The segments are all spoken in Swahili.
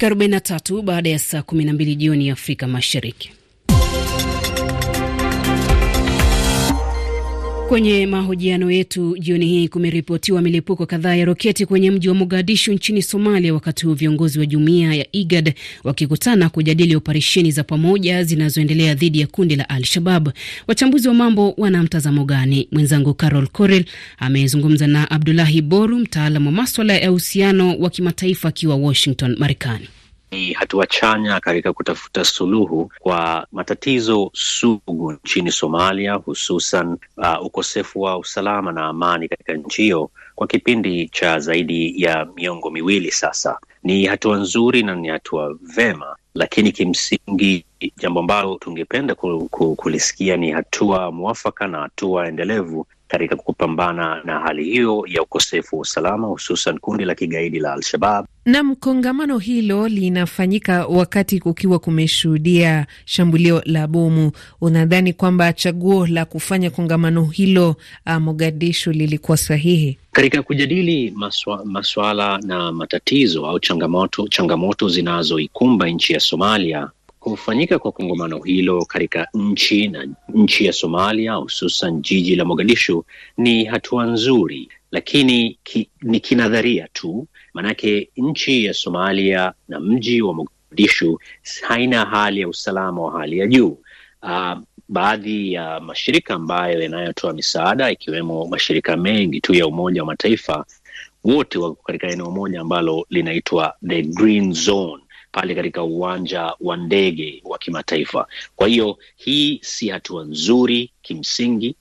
dakika 43 baada ya saa 12 jioni ya Afrika Mashariki. Kwenye mahojiano yetu jioni hii, kumeripotiwa milipuko kadhaa ya roketi kwenye mji wa Mogadishu nchini Somalia, wakati huu viongozi wa jumuiya ya IGAD wakikutana kujadili operesheni za pamoja zinazoendelea dhidi ya kundi la Al-Shabab. Wachambuzi wa mambo wana mtazamo gani? Mwenzangu Carol Corel amezungumza na Abdulahi Boru, mtaalamu wa maswala ya uhusiano wa kimataifa akiwa Washington, Marekani ni hatua chanya katika kutafuta suluhu kwa matatizo sugu nchini Somalia, hususan uh, ukosefu wa usalama na amani katika nchi hiyo kwa kipindi cha zaidi ya miongo miwili sasa. Ni hatua nzuri na ni hatua vema, lakini kimsingi jambo ambalo tungependa kulisikia ni hatua mwafaka na hatua endelevu katika kupambana na hali hiyo ya ukosefu wa usalama hususan kundi la kigaidi la Al-Shabab. Nam, kongamano hilo linafanyika wakati kukiwa kumeshuhudia shambulio la bomu. Unadhani kwamba chaguo la kufanya kongamano hilo uh, Mogadishu lilikuwa sahihi katika kujadili maswa, maswala na matatizo au changamoto, changamoto zinazoikumba nchi ya Somalia? Kufanyika kwa kongamano hilo katika nchi na nchi ya Somalia, hususan jiji la Mogadishu, ni hatua nzuri, lakini ki, ni kinadharia tu, maanake nchi ya Somalia na mji wa Mogadishu haina hali ya usalama wa hali ya juu. Uh, baadhi ya mashirika ambayo yanayotoa misaada ikiwemo mashirika mengi tu ya Umoja wa Mataifa wote wako katika eneo moja ambalo linaitwa the Green Zone pale katika uwanja wa ndege wa kimataifa. Kwa hiyo hii si hatua nzuri kimsingi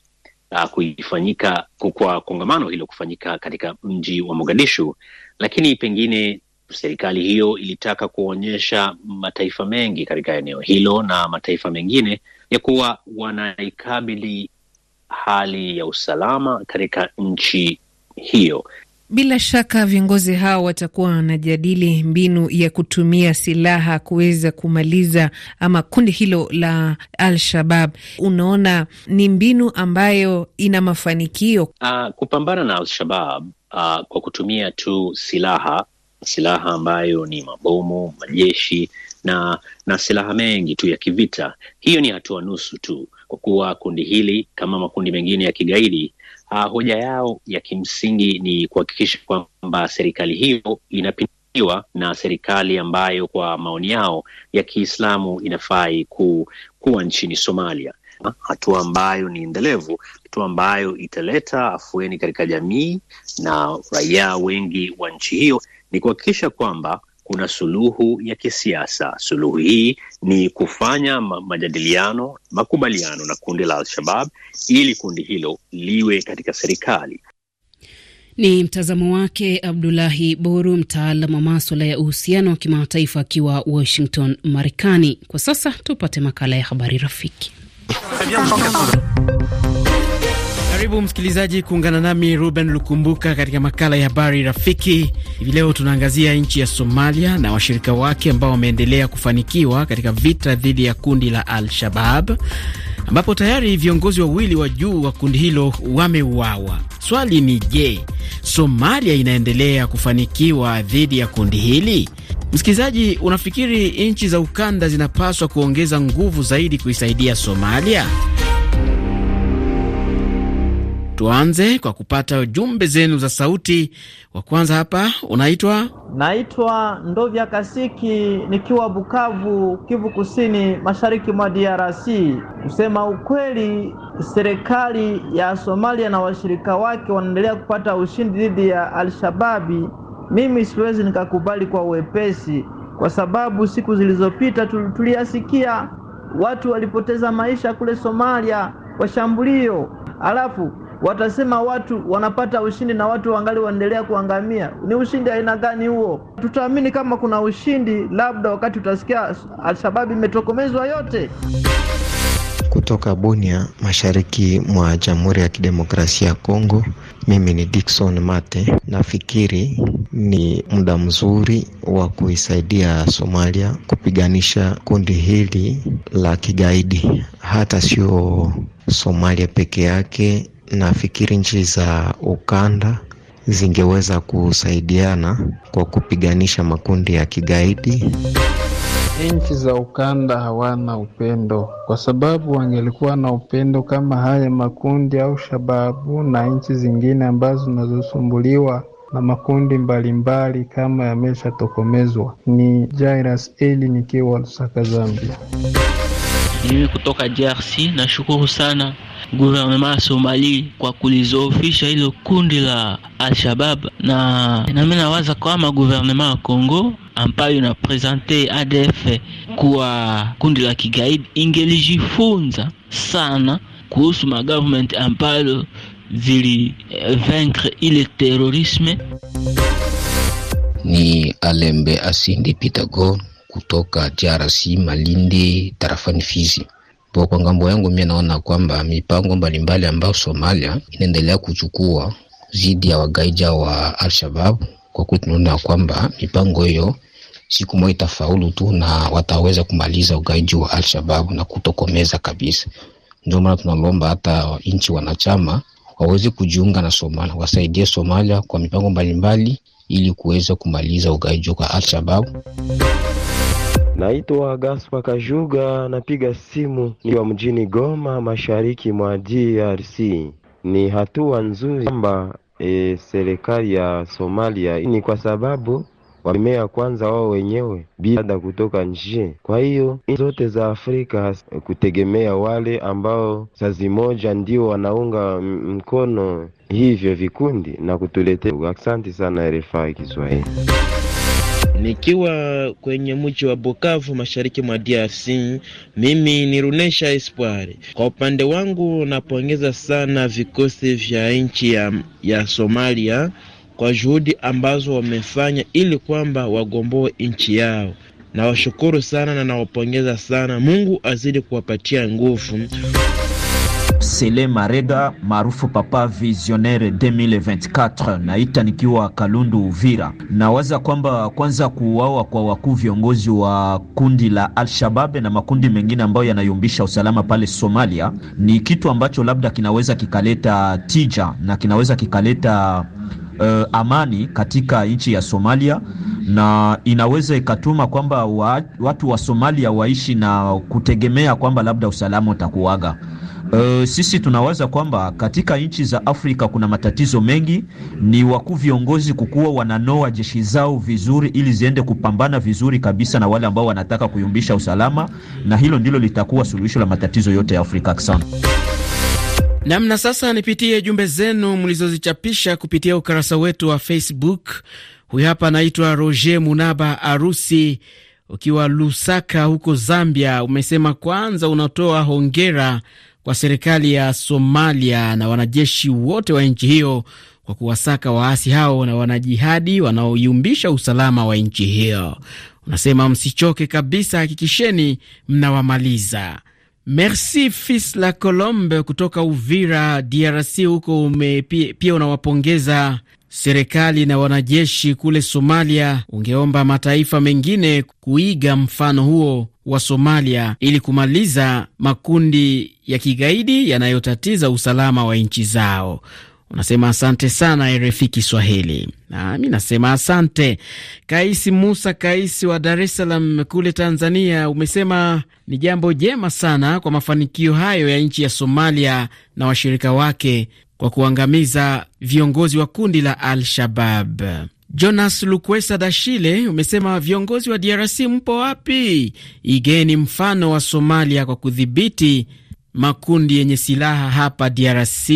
uh, kuifanyika kwa kongamano hilo kufanyika katika mji wa Mogadishu, lakini pengine serikali hiyo ilitaka kuonyesha mataifa mengi katika eneo hilo na mataifa mengine ya kuwa wanaikabili hali ya usalama katika nchi hiyo bila shaka viongozi hao watakuwa wanajadili mbinu ya kutumia silaha kuweza kumaliza ama kundi hilo la Al-Shabab. Unaona, ni mbinu ambayo ina mafanikio uh, kupambana na Al-Shabab uh, kwa kutumia tu silaha, silaha ambayo ni mabomu, majeshi na na silaha mengi tu ya kivita. Hiyo ni hatua nusu tu, kwa kuwa kundi hili kama makundi mengine ya kigaidi Uh, hoja yao ya kimsingi ni kuhakikisha kwamba serikali hiyo inapinduliwa na serikali ambayo kwa maoni yao ya Kiislamu inafai ku, kuwa nchini Somalia, hatua ambayo ni endelevu, hatua ambayo italeta afueni katika jamii na raia wengi wa nchi hiyo. Ni kuhakikisha kwamba kuna suluhu ya kisiasa. Suluhu hii ni kufanya majadiliano, makubaliano na kundi la Al-Shabab ili kundi hilo liwe katika serikali. Ni mtazamo wake Abdulahi Boru, mtaalam wa maswala ya uhusiano wa kimataifa akiwa Washington, Marekani. Kwa sasa tupate makala ya habari rafiki karibu msikilizaji kuungana nami Ruben Lukumbuka katika makala ya habari rafiki. Hivi leo tunaangazia nchi ya Somalia na washirika wake ambao wameendelea kufanikiwa katika vita dhidi ya kundi la al shabab ambapo tayari viongozi wawili wa juu wa kundi hilo wameuawa. Swali ni je, Somalia inaendelea kufanikiwa dhidi ya kundi hili? Msikilizaji, unafikiri nchi za ukanda zinapaswa kuongeza nguvu zaidi kuisaidia Somalia? Tuanze kwa kupata jumbe zenu za sauti. Wa kwanza hapa unaitwa? Naitwa Ndovya Kasiki nikiwa Bukavu, Kivu Kusini, mashariki mwa DRC. Kusema ukweli, serikali ya Somalia na washirika wake wanaendelea kupata ushindi dhidi ya alshababi Mimi siwezi nikakubali kwa uwepesi, kwa sababu siku zilizopita tuliyasikia watu walipoteza maisha kule Somalia kwa shambulio, alafu Watasema watu wanapata ushindi na watu wangali waendelea kuangamia. Ni ushindi aina gani huo? Tutaamini kama kuna ushindi, labda wakati utasikia Alshababu imetokomezwa yote. Kutoka Bunia, mashariki mwa Jamhuri ya Kidemokrasia ya Kongo, mimi ni dikson Mate. Nafikiri ni muda mzuri wa kuisaidia Somalia kupiganisha kundi hili la kigaidi, hata sio Somalia peke yake Nafikiri nchi za ukanda zingeweza kusaidiana kwa kupiganisha makundi ya kigaidi. Nchi za ukanda hawana upendo, kwa sababu wangelikuwa na upendo kama haya makundi au shababu na nchi zingine ambazo zinazosumbuliwa na makundi mbalimbali mbali kama yameshatokomezwa. Ni Jairus Eli nikiwa Lusaka, Zambia. Mimi kutoka DRC nashukuru sana guvernema ya Somali kwa kulizoofisha hilo kundi la Al-Shabab, na nami nawaza kwama guvernema ya Congo ambayo inapresente ADF kuwa kundi la kigaidi ingelijifunza sana kuhusu magovernment ambayo zili eh, vaincre ile terorisme. Ni Alembe Asindi Pitago kutoka DRC Malindi tarafani Fizi. Po, kwa ngambo yangu mimi naona kwamba mipango mbalimbali ambayo Somalia inaendelea kuchukua dhidi ya wagaija wa Al-Shabaab, kwa kweli tunaona kwamba mipango hiyo siku moja itafaulu tu na wataweza kumaliza ugaiji wa Al-Shabaab na kutokomeza kabisa. Ndio maana tunalomba hata nchi wanachama waweze kujiunga na Somalia, wasaidie Somalia kwa mipango mbalimbali ili kuweza kumaliza ugaiji wa Al-Shabaab. Naitwa Gaspar Kajuga, napiga simu nikiwa mjini Goma, mashariki mwa DRC. Ni hatua nzuri kwamba e, serikali ya Somalia ni kwa sababu wamea kwanza wao wenyewe bila kutoka nje. Kwa hiyo zote za Afrika kutegemea wale ambao sazi moja ndio wanaunga mkono hivyo vikundi na kutuletea. Asante sana RFI Kiswahili. Nikiwa kwenye mji wa Bukavu mashariki mwa DRC, mimi ni Runesha Espoir. Kwa upande wangu, napongeza sana vikosi vya nchi ya, ya Somalia kwa juhudi ambazo wamefanya ili kwamba wagomboe nchi yao. Nawashukuru sana na nawapongeza sana. Mungu azidi kuwapatia nguvu. Sele Marega maarufu Papa Visionnaire 2024 naita nikiwa Kalundu Uvira. Nawaza kwamba kwanza kuuawa kwa wakuu viongozi wa kundi la Al-Shabab na makundi mengine ambayo yanayumbisha usalama pale Somalia ni kitu ambacho labda kinaweza kikaleta tija na kinaweza kikaleta Uh, amani katika nchi ya Somalia na inaweza ikatuma kwamba wa, watu wa Somalia waishi na kutegemea kwamba labda usalama utakuwaga. Uh, sisi tunawaza kwamba katika nchi za Afrika kuna matatizo mengi, ni wakuu viongozi kukuwa wananoa jeshi zao vizuri, ili ziende kupambana vizuri kabisa na wale ambao wanataka kuyumbisha usalama, na hilo ndilo litakuwa suluhisho la matatizo yote ya Afrika. Asante namna. Sasa nipitie jumbe zenu mlizozichapisha kupitia ukurasa wetu wa Facebook. Huyu hapa anaitwa Roger Munaba Arusi ukiwa Lusaka huko Zambia, umesema kwanza unatoa hongera kwa serikali ya Somalia na wanajeshi wote wa nchi hiyo kwa kuwasaka waasi hao na wanajihadi wanaoyumbisha usalama wa nchi hiyo. Unasema msichoke kabisa, hakikisheni mnawamaliza. Merci Fils la Colombe kutoka Uvira, DRC. Huko pia unawapongeza serikali na wanajeshi kule Somalia, ungeomba mataifa mengine kuiga mfano huo wa Somalia ili kumaliza makundi ya kigaidi yanayotatiza usalama wa nchi zao. Unasema asante sana RFI Kiswahili, nami nasema asante. Kaisi Musa Kaisi wa Dar es Salaam kule Tanzania, umesema ni jambo jema sana kwa mafanikio hayo ya nchi ya Somalia na washirika wake kwa kuangamiza viongozi wa kundi la Al-Shabab. Jonas Lukwesa Dashile umesema viongozi wa DRC mpo wapi? Igeni mfano wa Somalia kwa kudhibiti makundi yenye silaha hapa DRC.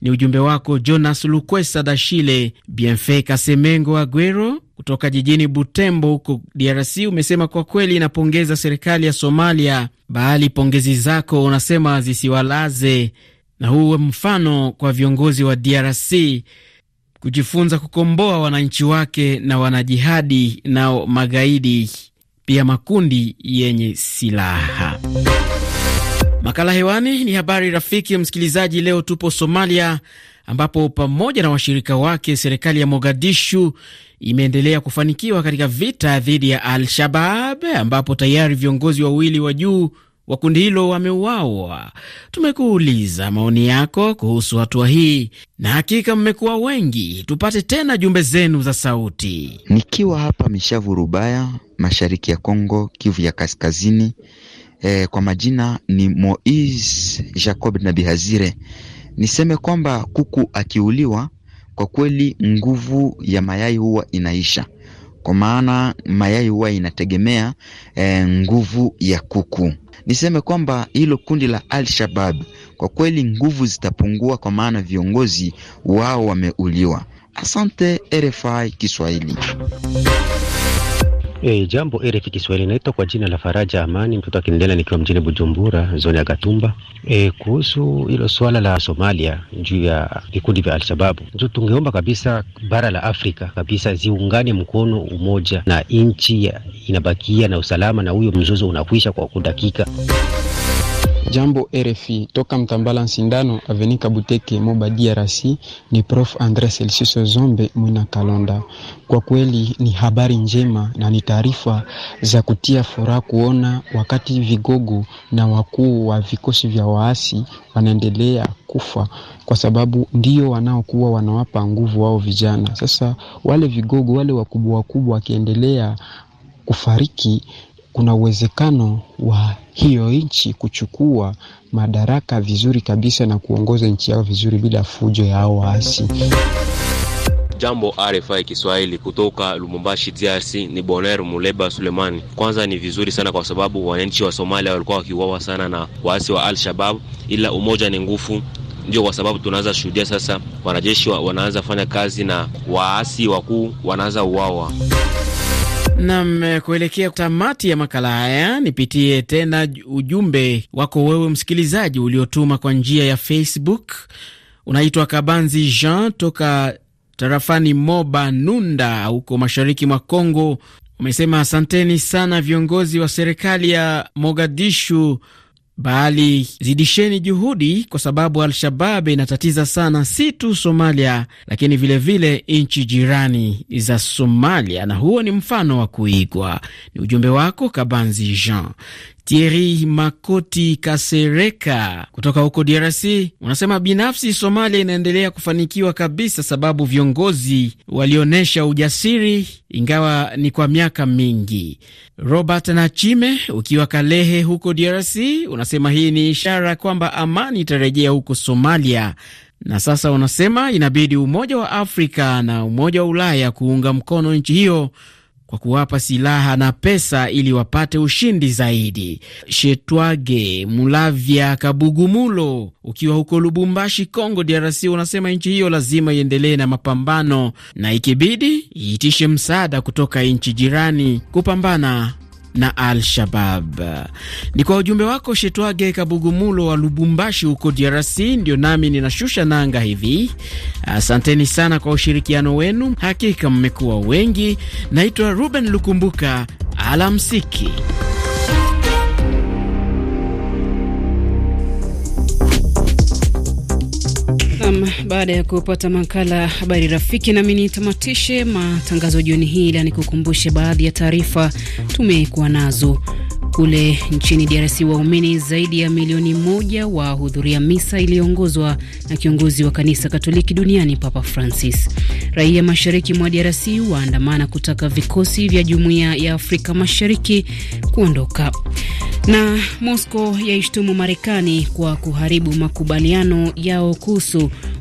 Ni ujumbe wako Jonas Lukwesa Dashile. Bienfait Kasemengo Agwero kutoka jijini Butembo huko DRC umesema kwa kweli inapongeza serikali ya Somalia, bali pongezi zako unasema zisiwalaze na huwe mfano kwa viongozi wa DRC kujifunza kukomboa wananchi wake na wanajihadi nao magaidi, pia makundi yenye silaha. Makala hewani ni habari rafiki msikilizaji. Leo tupo Somalia, ambapo pamoja na washirika wake serikali ya Mogadishu imeendelea kufanikiwa katika vita dhidi ya Al-Shabab, ambapo tayari viongozi wawili wa juu wa kundi hilo wameuawa. Tumekuuliza maoni yako kuhusu hatua hii, na hakika mmekuwa wengi. Tupate tena jumbe zenu za sauti. Nikiwa hapa Mishavu Rubaya, mashariki ya Kongo, Kivu ya Kaskazini. E, kwa majina ni Moise Jacob na Bihazire. Niseme kwamba kuku akiuliwa, kwa kweli nguvu ya mayai huwa inaisha kwa maana mayai huwa inategemea e, nguvu ya kuku. Niseme kwamba hilo kundi la Al-Shabab kwa kweli nguvu zitapungua, kwa maana viongozi wao wameuliwa. Asante RFI Kiswahili. E, jambo e, RFI Kiswahili, naitwa kwa jina la Faraja Amani, mtoto akiendelea nikiwa mjini Bujumbura, zoni ya Gatumba. E, kuhusu hilo swala la Somalia juu ya vikundi vya Alshababu, ndio tungeomba kabisa bara la Afrika kabisa ziungane mkono umoja, na nchi inabakia na usalama, na huyo mzozo unakwisha kwa kudakika. Jambo RFI toka Mtambala Nsindano Avenika Buteke Moba DRC, ni Prof Andre selsiso Zombe Mwina Kalonda. Kwa kweli ni habari njema na ni taarifa za kutia furaha kuona wakati vigogo na wakuu wa vikosi vya waasi wanaendelea kufa, kwa sababu ndio wanaokuwa wanawapa nguvu wao vijana. Sasa wale vigogo wale wakubwa wakubwa wakiendelea kufariki kuna uwezekano wa hiyo nchi kuchukua madaraka vizuri kabisa na kuongoza nchi yao vizuri bila fujo ya hao waasi. Jambo RFI Kiswahili kutoka Lumumbashi, DRC. Ni Boner Muleba Sulemani. Kwanza ni vizuri sana kwa sababu wananchi wa Somalia walikuwa wakiuawa sana na waasi wa Al-Shabab, ila umoja ni nguvu ndio kwa sababu tunaanza shuhudia sasa wanajeshi wa, wanaanza fanya kazi na waasi wakuu wanaanza uawa Nam, eh, kuelekea tamati ya makala haya, nipitie tena ujumbe wako wewe msikilizaji uliotuma kwa njia ya Facebook. Unaitwa Kabanzi Jean toka tarafani Moba Nunda huko mashariki mwa congo Umesema asanteni sana viongozi wa serikali ya Mogadishu bali zidisheni juhudi, kwa sababu Al-Shabab inatatiza sana si tu Somalia, lakini vilevile nchi jirani za Somalia, na huo ni mfano wa kuigwa. Ni ujumbe wako Kabanzi Jean. Thierry Makoti Kasereka kutoka huko DRC unasema binafsi, Somalia inaendelea kufanikiwa kabisa, sababu viongozi walionyesha ujasiri, ingawa ni kwa miaka mingi. Robert Nachime ukiwa Kalehe huko DRC unasema hii ni ishara kwamba amani itarejea huko Somalia na sasa unasema inabidi Umoja wa Afrika na Umoja wa Ulaya kuunga mkono nchi hiyo kwa kuwapa silaha na pesa ili wapate ushindi zaidi. Shetwage Mulavya Kabugumulo, ukiwa huko Lubumbashi, Congo DRC, unasema nchi hiyo lazima iendelee na mapambano na ikibidi iitishe msaada kutoka nchi jirani kupambana na Al-Shabab. Ni kwa ujumbe wako Shetwage Kabugumulo wa Lubumbashi huko DRC, ndio nami ninashusha nanga hivi. Asanteni sana kwa ushirikiano wenu, hakika mmekuwa wengi. Naitwa Ruben Lukumbuka, alamsiki. Baada ya kupata makala habari rafiki, nami nitamatishe matangazo jioni hii, ila nikukumbushe baadhi ya taarifa tumekuwa nazo. Kule nchini DRC waumini zaidi ya milioni moja wahudhuria misa iliyoongozwa na kiongozi wa kanisa Katoliki duniani Papa Francis. Raia mashariki mwa DRC waandamana kutaka vikosi vya jumuiya ya Afrika Mashariki kuondoka. Na Moscow yaishtumu Marekani kwa kuharibu makubaliano yao kuhusu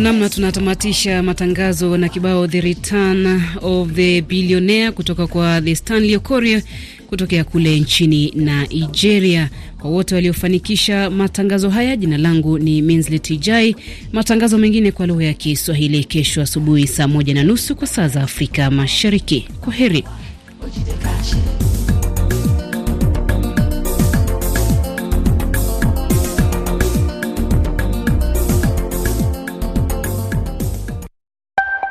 namna tunatamatisha matangazo na kibao The Return of the Billionaire kutoka kwa The Stanley Okoria kutokea kule nchini Nigeria. Kwa wote waliofanikisha matangazo haya, jina langu ni Minslet Ijai. Matangazo mengine kwa lugha ya Kiswahili kesho asubuhi saa moja na nusu kwa saa za Afrika Mashariki. Kwa heri.